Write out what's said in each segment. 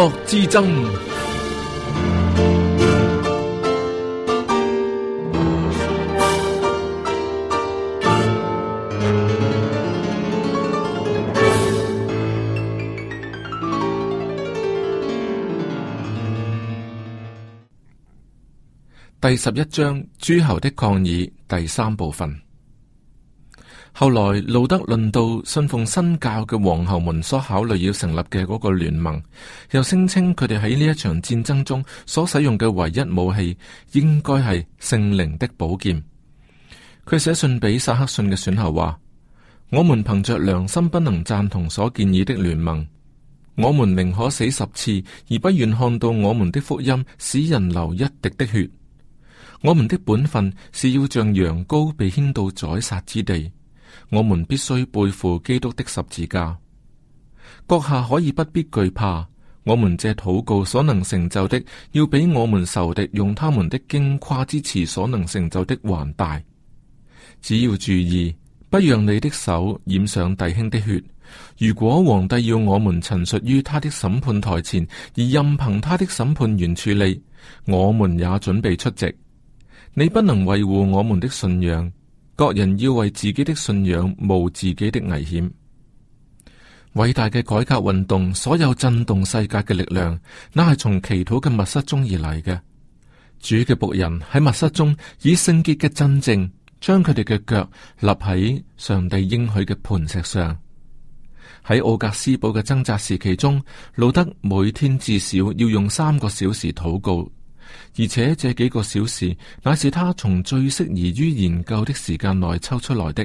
國之爭。第十一章諸侯的抗議，第三部分。後來路德論到，信奉新教嘅皇后們所考慮要成立嘅嗰個聯盟，又聲稱佢哋喺呢一場戰爭中所使用嘅唯一武器應該係聖靈的寶劍。佢寫信俾薩克遜嘅選侯話：我們憑着良心不能贊同所建議的聯盟，我們寧可死十次，而不願看到我們的福音使人流一滴的血。我們的本分是要像羊羔被牽到宰殺之地。我們必須背負基督的十字架。閣下可以不必懼怕，我們借禱告所能成就的，要比我們仇敵用他們的經誇之詞所能成就的還大。只要注意，不讓你的手染上弟兄的血。如果皇帝要我們陳述於他的審判台前，而任憑他的審判員處理，我們也準備出席。你不能維護我們的信仰。各人要為自己的信仰冒自己的危險。偉大嘅改革運動，所有震動世界嘅力量，那係從祈禱嘅密室中而嚟嘅。主嘅僕人喺密室中，以聖潔嘅真正將佢哋嘅腳立喺上帝應許嘅磐石上。喺奧格斯堡嘅掙扎時期中，路德每天至少要用三個小時禱告。而且，這幾個小時，乃是他從最適宜於研究的時間內抽出來的。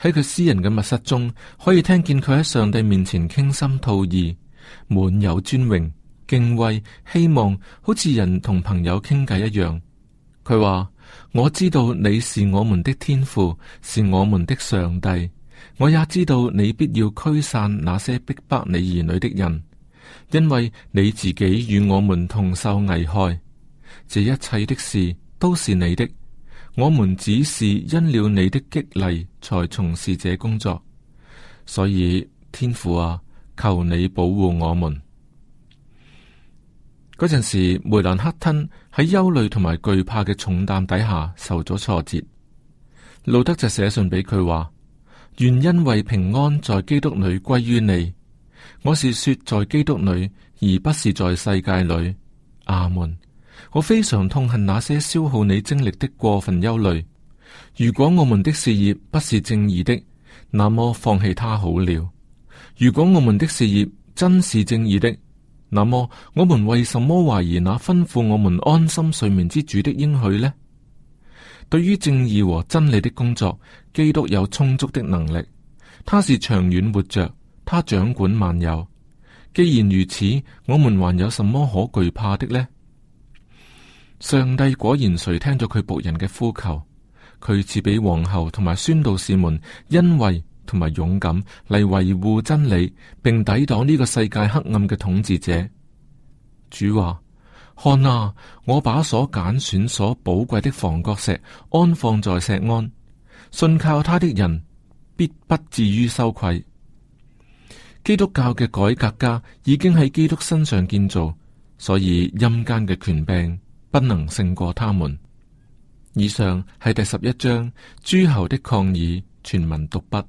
喺佢私人嘅密室中，可以聽見佢喺上帝面前傾心吐意，滿有尊榮、敬畏、希望，好似人同朋友傾偈一樣。佢話：我知道你是我們的天父，是我們的上帝。我也知道你必要驅散那些逼迫你兒女的人。因為你自己與我們同受危害，這一切的事都是你的，我們只是因了你的激勵才從事這工作，所以天父啊，求你保護我們。嗰陣時，梅蘭克吞喺憂慮同埋懼怕嘅重擔底下受咗挫折，路德就寫信俾佢話：願因為平安在基督裏歸於你。我是說，在基督裏，而不是在世界裏。阿門。我非常痛恨那些消耗你精力的過分憂慮。如果我們的事業不是正義的，那麼放棄它好了。如果我們的事業真是正義的，那麼我們為什麼懷疑那吩咐我們安心睡眠之主的應許呢？對於正義和真理的工作，基督有充足的能力。他是長遠活着。他掌管萬有，既然如此，我們還有什麼可懼怕的呢？上帝果然垂聽咗佢僕人嘅呼求，佢賜俾皇后同埋宣道士們恩惠同埋勇敢嚟維護真理，並抵擋呢個世界黑暗嘅統治者。主話：看啊，我把所揀選、所寶貴的房角石安放在錫安，信靠他的人必不至於羞愧。基督教嘅改革家已經喺基督身上建造，所以陰間嘅權柄不能勝過他們。以上係第十一章諸侯的抗議全文讀畢。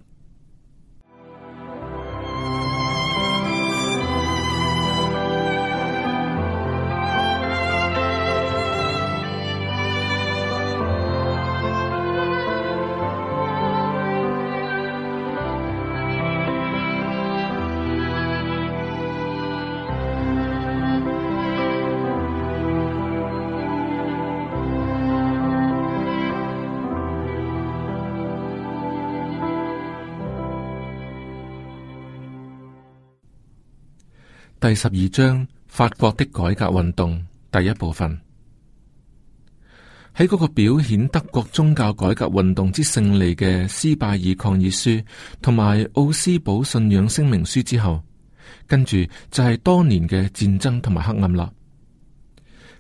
第十二章，法國的改革運動第一部分。喺嗰個表現德國宗教改革運動之勝利嘅斯拜爾抗議書同埋奧斯堡信仰聲明書之後，跟住就係多年嘅戰爭同埋黑暗啦。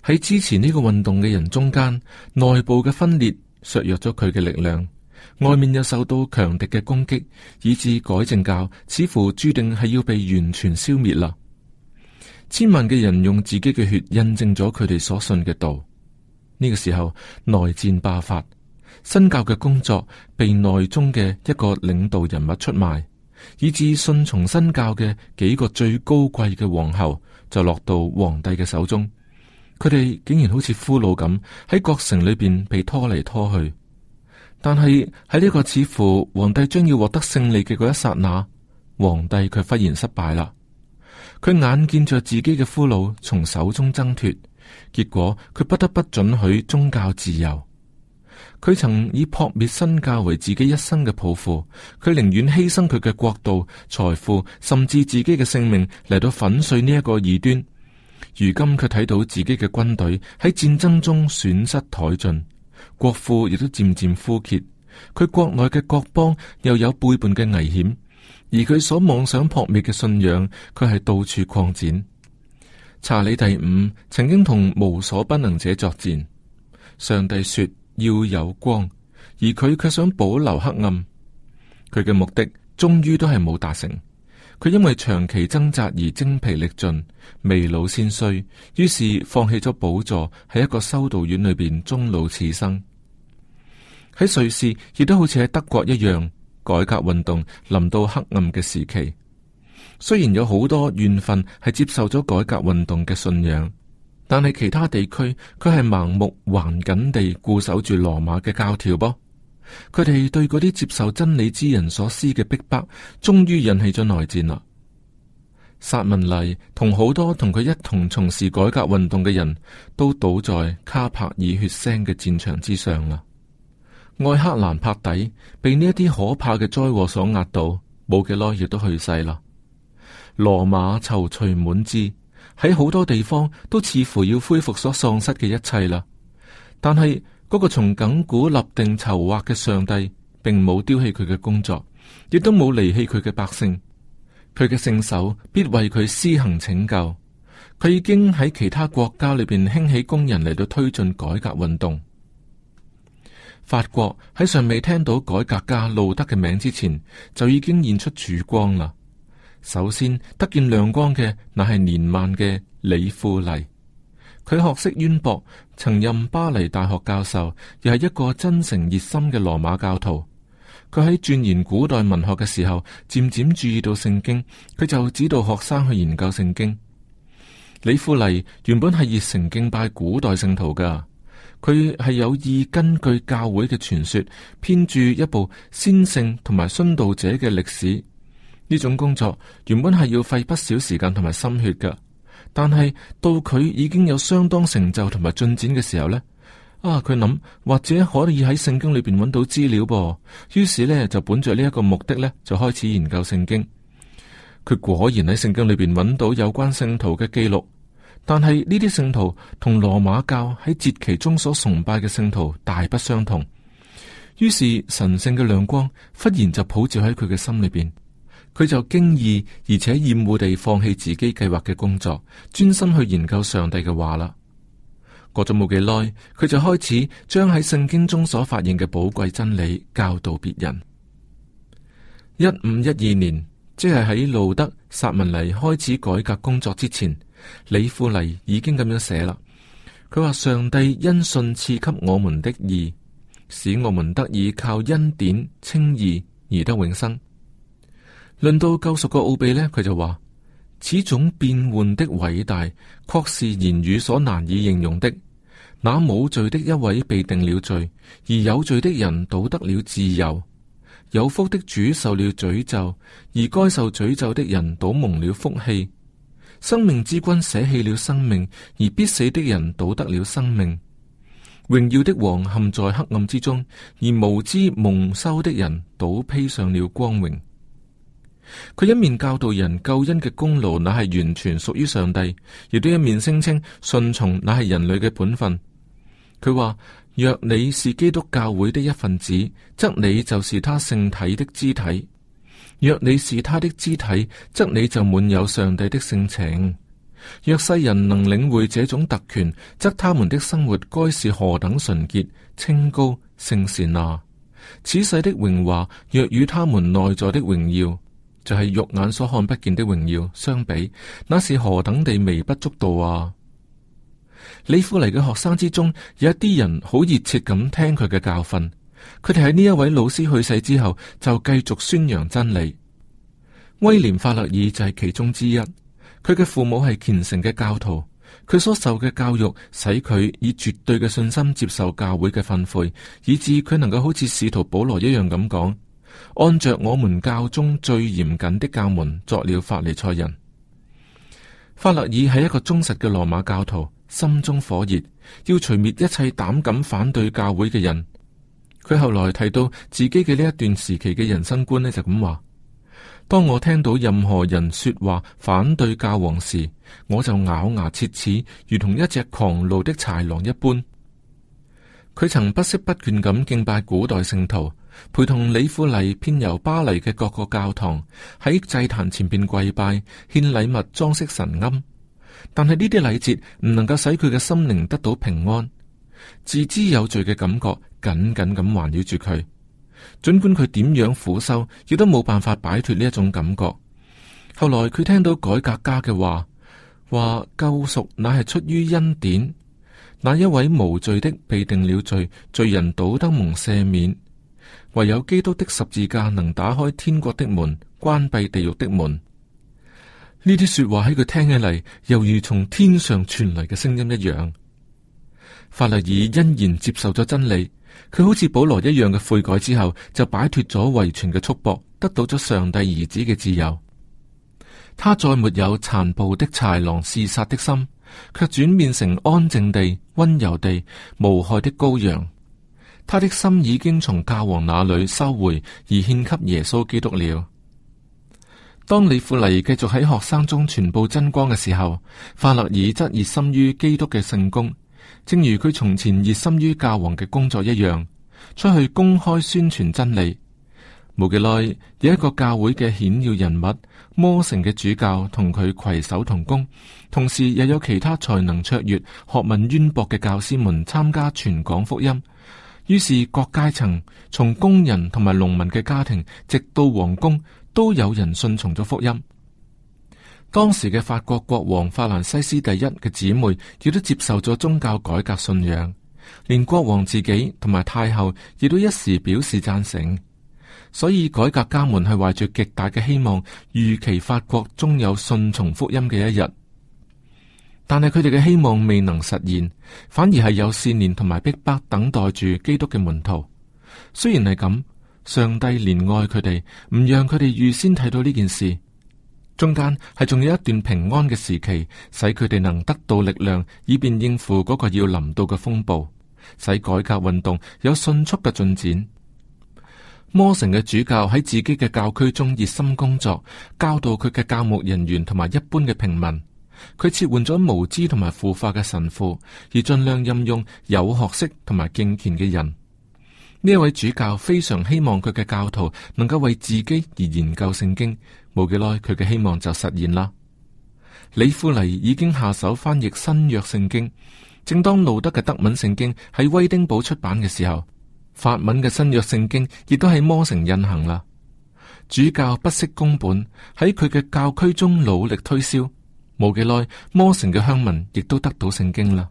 喺支持呢個運動嘅人中間，內部嘅分裂削弱咗佢嘅力量，外面又受到強敵嘅攻擊，以致改正教似乎注定係要被完全消滅啦。千萬嘅人用自己嘅血印證咗佢哋所信嘅道。呢個時候，內戰爆發，新教嘅工作被內中嘅一個領導人物出賣，以致信從新教嘅幾個最高貴嘅王侯就落到皇帝嘅手中。佢哋竟然好似俘虜咁喺各城裏邊被拖嚟拖去。但係喺呢個似乎皇帝將要獲得勝利嘅嗰一剎那，皇帝卻忽然失敗啦。佢眼見着自己嘅俘虜從手中掙脫，結果佢不得不准許宗教自由。佢曾以撲滅新教為自己一生嘅抱負，佢寧願犧牲佢嘅國度、財富，甚至自己嘅性命嚟到粉碎呢一個異端。如今佢睇到自己嘅軍隊喺戰爭中損失殆盡，國庫亦都漸漸枯竭，佢國內嘅國邦又有背叛嘅危險。而佢所妄想撲滅嘅信仰，佢係到處擴展。查理第五曾經同無所不能者作戰。上帝說要有光，而佢卻想保留黑暗。佢嘅目的終於都係冇達成。佢因為長期掙扎而精疲力盡，未老先衰，於是放棄咗寶座，喺一個修道院裏邊終老此生。喺瑞士亦都好似喺德國一樣。改革運動臨到黑暗嘅時期，雖然有好多怨憤係接受咗改革運動嘅信仰，但係其他地區佢係盲目還緊地固守住羅馬嘅教條。噃，佢哋對嗰啲接受真理之人所施嘅逼迫，終於引起咗內戰啦。薩文麗同好多同佢一同從事改革運動嘅人都倒在卡帕爾血腥嘅戰場之上啦。愛克蘭帕底被呢一啲可怕嘅災禍所壓倒，冇幾耐亦都去世啦。羅馬躊躇滿志，喺好多地方都似乎要恢復所喪失嘅一切啦。但係嗰、那個從亘古立定籌劃嘅上帝，並冇丟棄佢嘅工作，亦都冇離棄佢嘅百姓。佢嘅聖手必為佢施行拯救。佢已經喺其他國家裏邊興起工人嚟到推進改革運動。法國喺尚未聽到改革家路德嘅名之前，就已經現出曙光啦。首先，得見亮光嘅，乃係年邁嘅李富麗。佢學識淵博，曾任巴黎大學教授，又係一個真誠熱心嘅羅馬教徒。佢喺鑽研古代文學嘅時候，漸漸注意到聖經，佢就指導學生去研究聖經。李富麗原本係熱誠敬拜古代聖徒噶。佢係有意根據教會嘅傳說編著一部先聖同埋殉道者嘅歷史。呢種工作原本係要費不少時間同埋心血噶，但係到佢已經有相當成就同埋進展嘅時候呢，啊，佢諗或者可以喺聖經裏邊揾到資料噃。於是呢，就本着呢一個目的呢，就開始研究聖經。佢果然喺聖經裏邊揾到有關聖徒嘅記錄。但係呢啲聖徒同羅馬教喺節期中所崇拜嘅聖徒大不相同。於是神聖嘅亮光忽然就普照喺佢嘅心裏邊，佢就驚異而且厭惡地放棄自己計劃嘅工作，專心去研究上帝嘅話啦。過咗冇幾耐，佢就開始將喺聖經中所發現嘅寶貴真理教導別人。一五一二年，即係喺路德、薩文尼開始改革工作之前。李富麗已經咁樣寫啦，佢話，上帝因信賜給我們的義，使我們得以靠恩典稱義而得永生。論到救贖個奧祕呢，佢就話：此種變換的偉大，確是言語所難以形容的。那冇罪的一位被定了罪，而有罪的人倒得了自由；有福的主受了詛咒，而該受詛咒的人倒蒙了福氣。生命之君捨棄了生命，而必死的人倒得了生命；榮耀的王陷在黑暗之中，而無知蒙羞的人倒披上了光榮。佢一面教導人救恩嘅功勞，乃係完全屬於上帝；亦都一面聲稱順從，乃係人類嘅本分。佢話：若你是基督教會的一份子，則你就是他聖體的肢體。若你是他的肢體，則你就滿有上帝的性情；若世人能領會這種特權，則他們的生活該是何等純潔、清高、聖善啊！此世的榮華，若與他們內在的榮耀，就係、是、肉眼所看不見的榮耀相比，那是何等地微不足道啊！李富嚟嘅學生之中，有一啲人好熱切咁聽佢嘅教訓。佢哋喺呢一位老師去世之後，就繼續宣揚真理。威廉法勒爾就係其中之一。佢嘅父母係虔誠嘅教徒，佢所受嘅教育使佢以絕對嘅信心接受教會嘅訓誨，以致佢能夠好似使徒保羅一樣咁講。按着我們教中最嚴謹的教門，作了法利賽人。法勒爾係一個忠實嘅羅馬教徒，心中火熱，要除滅一切膽敢反對教會嘅人。佢後來提到自己嘅呢一段時期嘅人生觀呢就咁話：當我聽到任何人說話反對教皇時，我就咬牙切齒，如同一隻狂怒的豺狼一般。佢曾不惜不倦咁敬拜古代聖徒，陪同李富麗遍遊巴黎嘅各個教堂，喺祭壇前邊跪拜獻禮物，裝飾神龕。但係呢啲禮節唔能夠使佢嘅心靈得到平安，自知有罪嘅感覺。緊緊咁環繞住佢，盡管佢點樣苦修，亦都冇辦法擺脫呢一種感覺。後來佢聽到改革家嘅話，話救贖乃係出於恩典，那一位無罪的被定了罪，罪人倒得蒙赦免，唯有基督的十字架能打開天國的門，關閉地獄的門。呢啲說話喺佢聽起嚟，猶如從天上傳嚟嘅聲音一樣。法利爾欣然接受咗真理。佢好似保羅一樣嘅悔改之後，就擺脫咗遺傳嘅束縛，得到咗上帝兒子嘅自由。他再沒有殘暴的豺狼嗜殺的心，卻轉變成安靜地、溫柔地、無害的羔羊。他的心已經從教皇那裏收回，而獻給耶穌基督了。當李富尼繼續喺學生中傳播真光嘅時候，法勒爾則熱心於基督嘅聖功。正如佢從前熱心於教皇嘅工作一樣，出去公開宣傳真理。冇幾耐，有一個教會嘅顯要人物摩城嘅主教同佢攜手同工，同時又有其他才能卓越、學問淵博嘅教師們參加全港福音。於是各階層，從工人同埋農民嘅家庭，直到皇宮，都有人順從咗福音。當時嘅法國國王法蘭西斯第一嘅姊妹亦都接受咗宗教改革信仰，連國王自己同埋太后亦都一時表示贊成。所以改革家們係懷着極大嘅希望，預期法國終有信從福音嘅一日。但係佢哋嘅希望未能實現，反而係有善念同埋逼迫等待住基督嘅門徒。雖然係咁，上帝憐愛佢哋，唔讓佢哋預先睇到呢件事。中間係仲有一段平安嘅時期，使佢哋能得到力量，以便應付嗰個要臨到嘅風暴，使改革運動有迅速嘅進展。摩城嘅主教喺自己嘅教區中熱心工作，教導佢嘅教牧人員同埋一般嘅平民。佢切換咗無知同埋腐化嘅神父，而盡量任用有學識同埋敬虔嘅人。呢位主教非常希望佢嘅教徒能夠為自己而研究聖經，冇幾耐佢嘅希望就實現啦。李富尼已經下手翻譯新約聖經，正當路德嘅德文聖經喺威丁堡出版嘅時候，法文嘅新約聖經亦都喺摩城印行啦。主教不惜工本喺佢嘅教區中努力推銷，冇幾耐摩城嘅鄉民亦都得到聖經啦。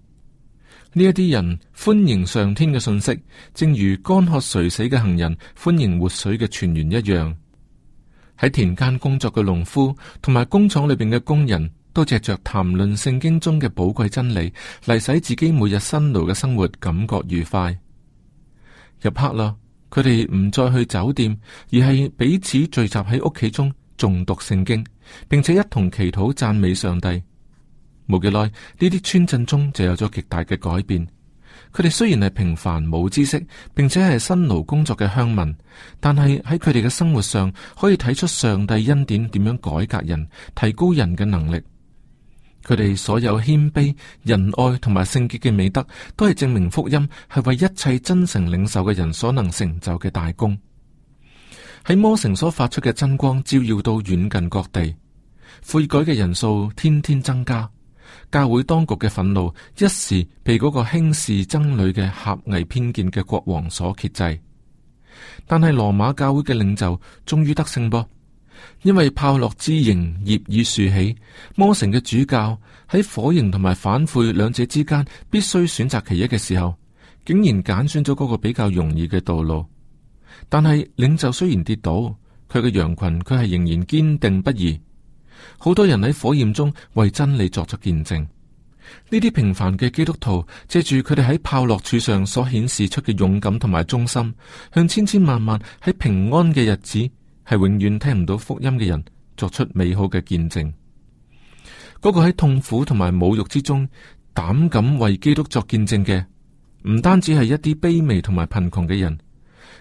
呢一啲人歡迎上天嘅信息，正如乾渴垂死嘅行人歡迎活水嘅泉源一樣。喺田間工作嘅農夫同埋工廠裏邊嘅工人，都借着談論聖經中嘅寶貴真理，嚟使自己每日辛勞嘅生活感覺愉快。入黑啦，佢哋唔再去酒店，而係彼此聚集喺屋企中誦讀聖經，並且一同祈禱讚美上帝。冇幾耐，呢啲村鎮中就有咗極大嘅改變。佢哋雖然係平凡、冇知識，並且係辛勞工作嘅鄉民，但係喺佢哋嘅生活上，可以睇出上帝恩典點樣改革人、提高人嘅能力。佢哋所有謙卑、仁愛同埋聖潔嘅美德，都係證明福音係為一切真誠領受嘅人所能成就嘅大功。喺摩城所發出嘅真光，照耀到遠近各地，悔改嘅人數天天增加。教會當局嘅憤怒一時被嗰個輕視僧侶嘅狹隘偏見嘅國王所遏制，但係羅馬教會嘅領袖終於得勝噃。因為炮烙之刑業已豎起，摩城嘅主教喺火刑同埋反悔兩者之間必須選擇其一嘅時候，竟然揀選咗嗰個比較容易嘅道路。但係領袖雖然跌倒，佢嘅羊群佢係仍然堅定不移。好多人喺火焰中為真理作出見證，呢啲平凡嘅基督徒借住佢哋喺炮烙柱上所顯示出嘅勇敢同埋忠心，向千千萬萬喺平安嘅日子係永遠聽唔到福音嘅人作出美好嘅見證。嗰個喺痛苦同埋侮辱之中膽敢為基督作見證嘅，唔單止係一啲卑微同埋貧窮嘅人。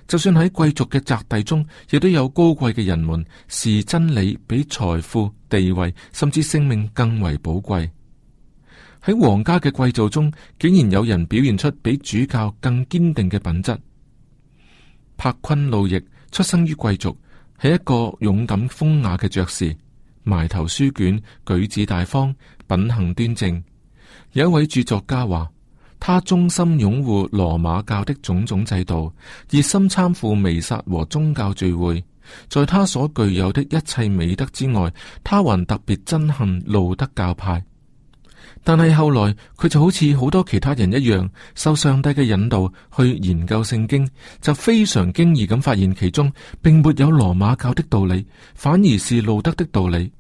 就算喺貴族嘅宅地中，亦都有高貴嘅人們，視真理比財富、地位甚至性命更為寶貴。喺皇家嘅貴族中，竟然有人表現出比主教更堅定嘅品質。柏昆路易出生於貴族，係一個勇敢、風雅嘅爵士，埋頭書卷，舉止大方，品行端正。有一位著作家話。他衷心擁護羅馬教的種種制度，熱心參赴彌撒和宗教聚會。在他所具有的一切美德之外，他還特別憎恨路德教派。但係後來，佢就好似好多其他人一樣，受上帝嘅引導去研究聖經，就非常驚異咁發現其中並沒有羅馬教的道理，反而是路德的道理。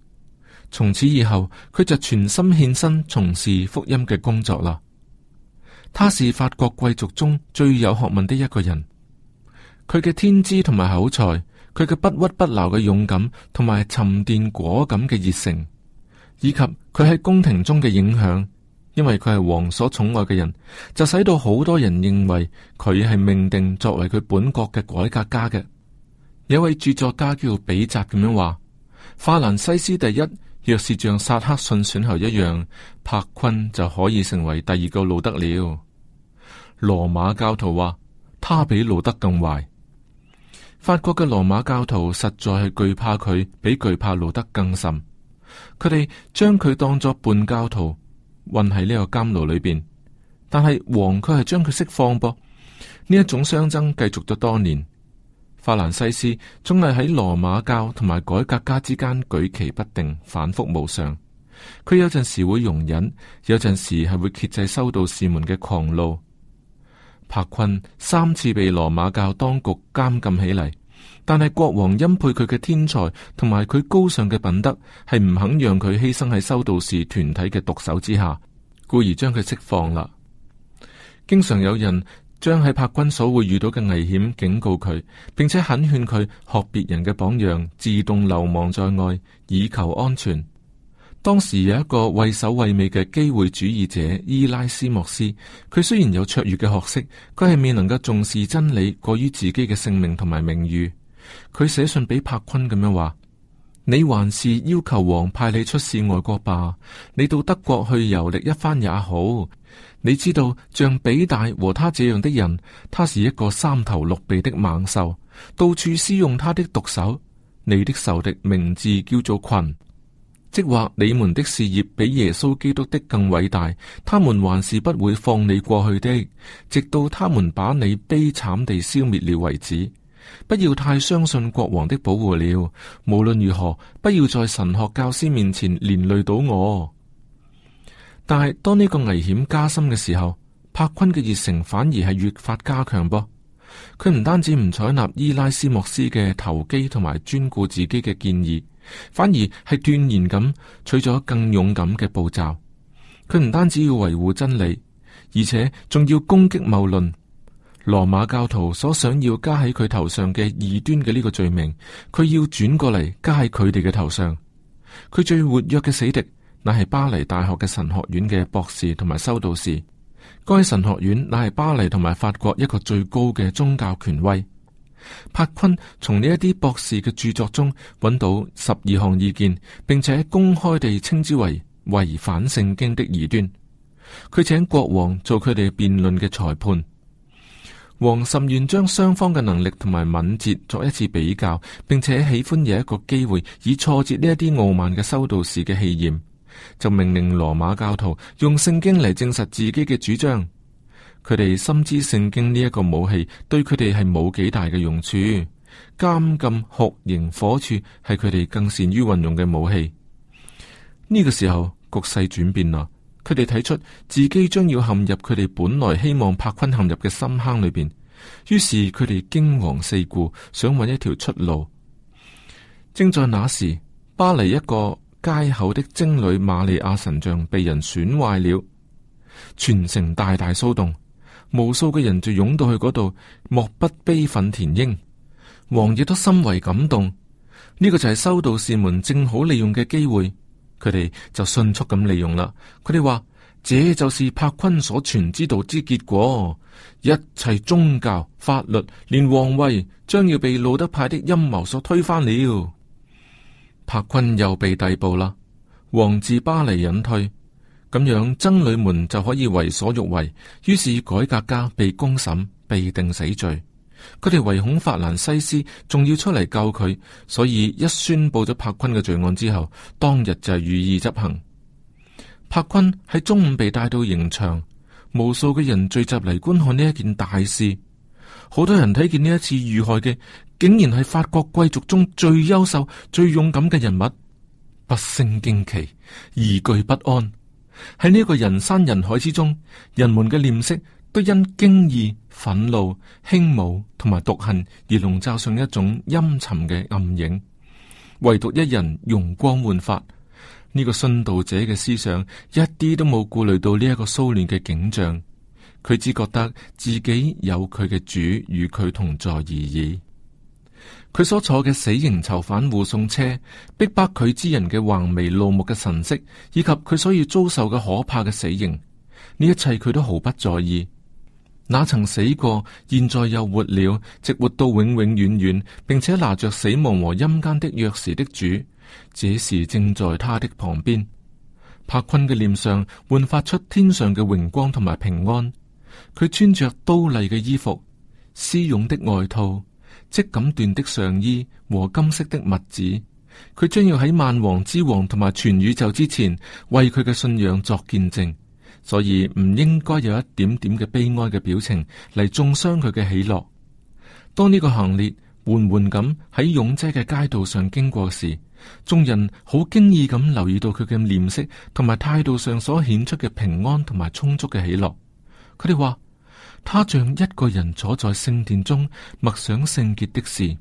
從此以後，佢就全心獻身從事福音嘅工作啦。他是法國貴族中最有學問的一個人，佢嘅天資同埋口才，佢嘅不屈不撓嘅勇敢，同埋沉澱果敢嘅熱誠，以及佢喺宮廷中嘅影響，因為佢係王所寵愛嘅人，就使到好多人認為佢係命定作為佢本國嘅改革家嘅。有位著作家叫比澤咁樣話：法蘭西斯第一，若是像薩克遜選侯一樣，柏坤就可以成為第二個路德了。羅馬教徒話，他比路德更壞。法國嘅羅馬教徒實在係懼怕佢，比懼怕路德更甚。佢哋將佢當作半教徒，運喺呢個監牢裏邊。但係王卻係將佢釋放噃。呢一種相爭繼續咗多年。法蘭西斯總係喺羅馬教同埋改革家之間舉棋不定，反復無常。佢有陣時會容忍，有陣時係會竭製修道士們嘅狂怒。柏坤三次被羅馬教當局監禁起嚟，但係國王欽佩佢嘅天才同埋佢高尚嘅品德，係唔肯讓佢犧牲喺修道士團體嘅毒手之下，故而將佢釋放啦。經常有人將喺柏坤所會遇到嘅危險警告佢，並且懇勸佢學別人嘅榜樣，自動流亡在外，以求安全。當時有一個畏首畏尾嘅機會主義者伊拉斯莫斯，佢雖然有卓越嘅學識，佢係未能夠重視真理過於自己嘅性命同埋名譽。佢寫信俾柏坤咁樣話：「你還是要求王派你出仕外國吧，你到德國去遊歷一番也好。你知道像比大和他這樣的人，他是一個三頭六臂的猛獸，到處施用他的毒手。你的仇敵名字叫做群。即話你們的事業比耶穌基督的更偉大，他們還是不會放你過去的，直到他們把你悲慘地消滅了為止。不要太相信國王的保護了，無論如何，不要在神學教師面前連累到我。但係當呢個危險加深嘅時候，柏昆嘅熱誠反而係越發加強噃。佢唔單止唔採納伊拉斯莫斯嘅投機同埋專顧自己嘅建議。反而係斷然咁取咗更勇敢嘅步驟。佢唔單止要維護真理，而且仲要攻擊謬論。羅馬教徒所想要加喺佢頭上嘅異端嘅呢個罪名，佢要轉過嚟加喺佢哋嘅頭上。佢最活躍嘅死敵，乃係巴黎大學嘅神學院嘅博士同埋修道士。該神學院乃係巴黎同埋法國一個最高嘅宗教權威。柏坤從呢一啲博士嘅著作中揾到十二項意見，並且公開地稱之為違反聖經的異端。佢請國王做佢哋辯論嘅裁判。王甚願將雙方嘅能力同埋敏捷作一次比較，並且喜歡有一個機會以挫折呢一啲傲慢嘅修道士嘅氣焰，就命令羅馬教徒用聖經嚟證實自己嘅主張。佢哋深知聖經呢一個武器對佢哋係冇幾大嘅用處，監禁、酷刑、火柱係佢哋更善於運用嘅武器。呢個時候局勢轉變啦，佢哋睇出自己將要陷入佢哋本來希望柏坤陷入嘅深坑裏邊，於是佢哋驚惶四顧，想揾一條出路。正在那時，巴黎一個街口的貞女瑪利亞神像被人損壞了，全城大大騷動。無數嘅人就湧到去嗰度，莫不悲憤填膺。王亦都深為感動。呢個就係修道士們正好利用嘅機會，佢哋就迅速咁利用啦。佢哋話：這就是柏坤所傳之道之結果。一切宗教、法律，連王位，將要被路德派的陰謀所推翻了。柏坤又被逮捕啦。王自巴黎隱退。咁樣，僧侶們就可以為所欲為。於是，改革家被公審，被定死罪。佢哋唯恐法蘭西斯仲要出嚟救佢，所以一宣布咗柏坤嘅罪案之後，當日就係予以執行。柏坤喺中午被帶到刑場，無數嘅人聚集嚟觀看呢一件大事。好多人睇見呢一次遇害嘅，竟然係法國貴族中最優秀、最勇敢嘅人物，不勝驚奇，疑懼不安。喺呢一個人山人海之中，人們嘅臉色都因驚異、憤怒、輕侮同埋毒恨而籠罩上一種陰沉嘅暗影。唯獨一人容光煥發。呢、這個信道者嘅思想一啲都冇顧慮到呢一個騷亂嘅景象，佢只覺得自己有佢嘅主與佢同在而已。佢所坐嘅死刑囚犯護送車，逼迫佢之人嘅橫眉怒目嘅神色，以及佢所要遭受嘅可怕嘅死刑，呢一切佢都毫不在意。那曾死過，現在又活了，直活到永永遠遠，並且拿着死亡和陰間的鑰匙的主，這時正在他的旁邊。柏坤嘅臉上煥發出天上嘅榮光同埋平安。佢穿着刀麗嘅衣服，絲絨的外套。即錦緞的上衣和金色的襪子，佢將要喺萬王之王同埋全宇宙之前為佢嘅信仰作見證，所以唔應該有一點點嘅悲哀嘅表情嚟中傷佢嘅喜樂。當呢個行列緩緩咁喺擁擠嘅街道上經過時，眾人好驚異咁留意到佢嘅臉色同埋態度上所顯出嘅平安同埋充足嘅喜樂。佢哋話。他像一個人坐在聖殿中默想聖潔的事。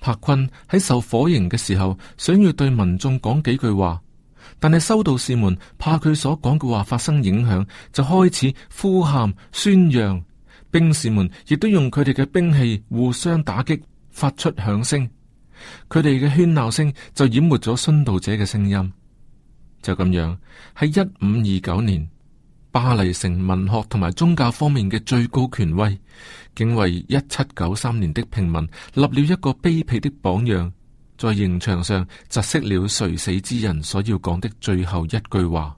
柏坤喺受火刑嘅時候，想要對民眾講幾句話，但係修道士們怕佢所講嘅話發生影響，就開始呼喊、宣揚。兵士們亦都用佢哋嘅兵器互相打擊，發出響聲。佢哋嘅喧鬧聲就淹沒咗殉道者嘅聲音。就咁樣，喺一五二九年。巴黎城文學同埋宗教方面嘅最高權威，竟為一七九三年的平民立了一個卑鄙的榜樣，在刑場上窒息了垂死之人所要講的最後一句話。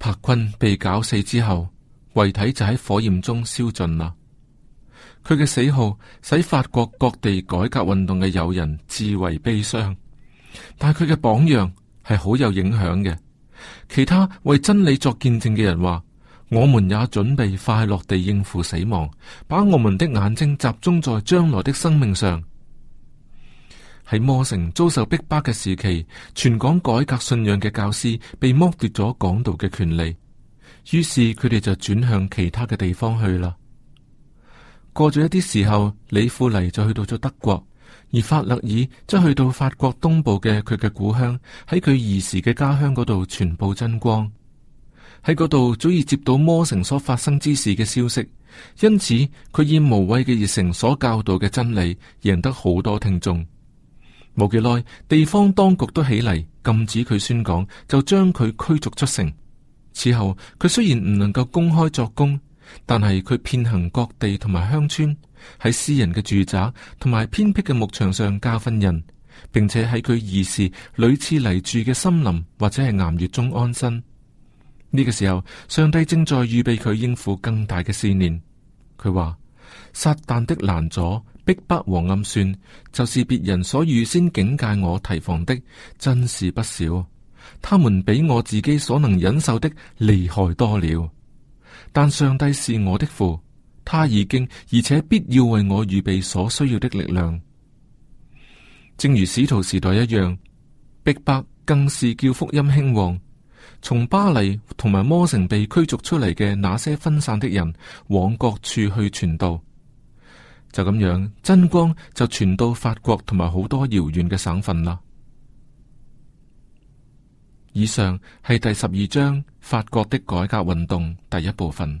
柏坤被絞死之後，遺體就喺火焰中燒盡啦。佢嘅死後使法國各地改革運動嘅友人自為悲傷，但佢嘅榜樣係好有影響嘅。其他為真理作見證嘅人話：我們也準備快樂地應付死亡，把我們的眼睛集中在將來的生命上。喺摩城遭受逼迫嘅時期，全港改革信仰嘅教師被剝奪咗講道嘅權利，於是佢哋就轉向其他嘅地方去啦。過咗一啲時候，李富黎就去到咗德國。而法勒爾則去到法國東部嘅佢嘅故鄉，喺佢兒時嘅家鄉嗰度傳播真光。喺嗰度早已接到魔城所發生之事嘅消息，因此佢以無畏嘅熱誠所教導嘅真理，贏得好多聽眾。冇幾耐，地方當局都起嚟禁止佢宣講，就將佢驅逐出城。此後，佢雖然唔能夠公開作工，但係佢遍行各地同埋鄉村。喺私人嘅住宅同埋偏僻嘅牧場上教訓人，並且喺佢疑時屢次嚟住，嘅森林或者係岩穴中安身。呢、這個時候，上帝正在預備佢應付更大嘅思念。佢話：撒旦的攔阻、逼迫和暗算，就是別人所預先警戒我提防的，真是不少。他們比我自己所能忍受的厲害多了。但上帝是我的父。他已經而且必要為我預備所需要的力量，正如使徒時代一樣。逼迫更是叫福音興旺，從巴黎同埋摩城被驅逐出嚟嘅那些分散的人往各處去傳道。就咁樣，真光就傳到法國同埋好多遙遠嘅省份啦。以上係第十二章法國的改革運動第一部分。